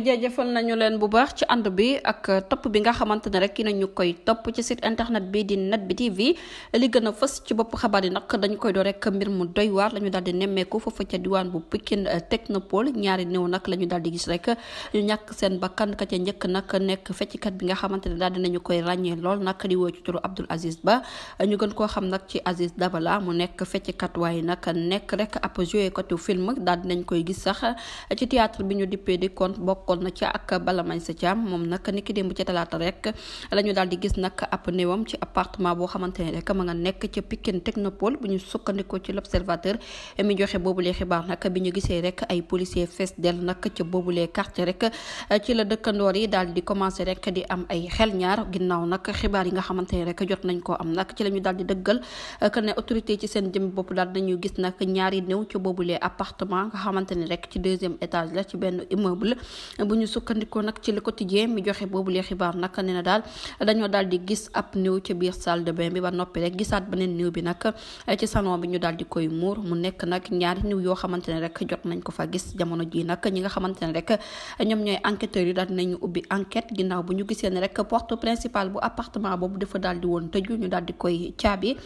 jaajëfal nañu leen bu baax ci ànd bi ak topp bi nga xamante ne rek nañu koy topp ci site internet bi di net bi tv li gën a fës ci bopp xabaar yi nag dañu koy doo rek mbir mu doy waar la ñu daal di nemmeeku foofu ca diwaan bu Pikine Technopole ñaari néew nag la ñu daal di gis rek ñu ñàkk seen bakkan ka ca njëkk nekk fecckat bi nga xamante ne daal dinañu koy ràññee lool nag di woo ci turu Abdoul Aziz Ba ñu gën koo xam nag ci Aziz Dabala mu nekk fecckat waaye nag nekk rek ab joué katu film daal dinañ koy gis sax ci théâtre bi ñu dippee di compte bokk bokkoon ci ak Bala Mansa Thiam moom nag niki démb ci talaata rek la ñu daal di gis nag ab néewam ci appartement boo xamante ne rek ma nga nekk ca Pikine Technopole bu ñu sukkandikoo ci l'observateur mi joxe boobulee xibaar nag bi ñu gisee rek ay policier fees del nag ca boobulee quartier rek ci la dëkkandoor yi daal di commencé rek di am ay xel ñaar ginnaaw nag xibaar yi nga xamante ne rek jot nañ ko am nag ci la ñu daal di dëggal que ne autorité ci seen jëm bopp daal nañu gis nag ñaari néew ci boobulee appartement nga xamante ne rek ci deuxième étage la ci benn immeuble bu ñu sukkandikoo nag ci le quotidien mi joxe boobu lee xibaar nag ne na daal dañoo daal di gis ab néew ci biir salle de bain bi ba noppi rek gisaat beneen néew bi nag ci salon bi ñu daal di koy muur mu nekk nag ñaari néew yoo xamante ne rek jot nañ ko fa gis jamono ji nag ñi nga xamante ne rek ñoom ñooy enquêteurs yi daal dinañu ubbi enquête ginnaaw bu ñu gisee ne rek porte principal bu appartement boobu dafa daal di woon tëju ñu daal di koy caabi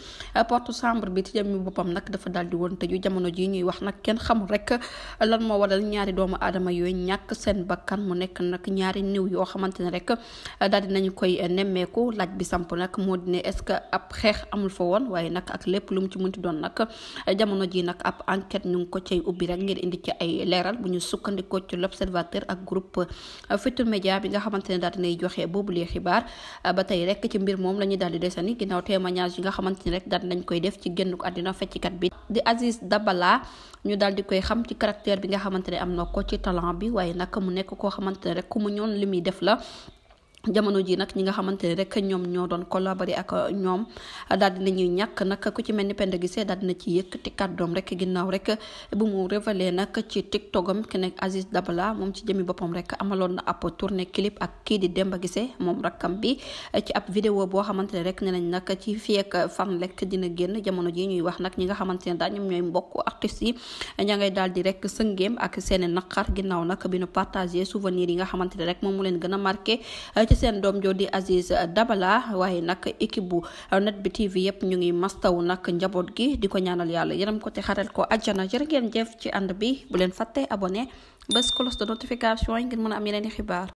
porte chambre bi ci jëmmi boppam nag dafa daal di woon tëju jamono ji ñuy wax nag kenn xamul rek lan moo waral ñaari doomu aadama yooyu ñàkk seen bakkan mu nekk nag ñaari néew yoo xamante ne rek daal di nañu koy nemmeeku laaj bi samp nag moo di ne est-ce que ab xeex amul fa woon waaye nag ak lépp lu mu ci ti doon nag jamono ji nag ab enquête ñu ngi ko cay ubbi rek ngir indi ci ay leeral bu ñu sukkandikoo ci l'observateur ak groupe euh, Futurs Médias bi nga xamante ne daal dinay joxe boobu lee xibaar euh, ba tey rek ci mbir moom la ñuy daal di desani ginnaaw témoignage yi nga xamante ne rek daal nañ koy def ci génn àddina feccikat bi di Aziz Dabala ñu daal di koy xam ci caractère bi nga xamante ne am na ci talent bi waaye nag mu nekk koo xamante ne rek ku mu li muy def la jamono ji nag ñi nga xamante ne rek ñoom ñoo doon collaboré ak ñoom daal na ñuy ñàkk nag ku ci mel ni Penda Guissé daal dina ci yëkkati kàddoom rek ginnaaw rek bu mu révélé nag ci tiktokam ki nekk Aziz Dabala moom ci jëmi boppam rek amaloon na ab tournée clip ak kii di Demba Guissé moom rakkam bi ci ab vidéo boo xamante ne rek ne nañ nag ci fii ak fan rek dina génn jamono ji ñuy wax nag ñi nga xamante ne daal ñoom ñooy mbokk artistes yi ña ngay di rek sëngeem ak seeni naqar ginnaaw nag bi nu partagé souvenirs yi nga xamante ne rek moom mu leen gën a marqué seen doom joo di Aziz Dabala waaye nag équipe bu net bi TV yëpp ñu ngi wu nag njaboot gi di ko ñaanal yàlla yaram ko te xaral ko àjjana jërë ngeen jëf ci ànd bi bu leen fàtte abonné bés cloche de notification yi ngir mën a am yeneen i xibaar.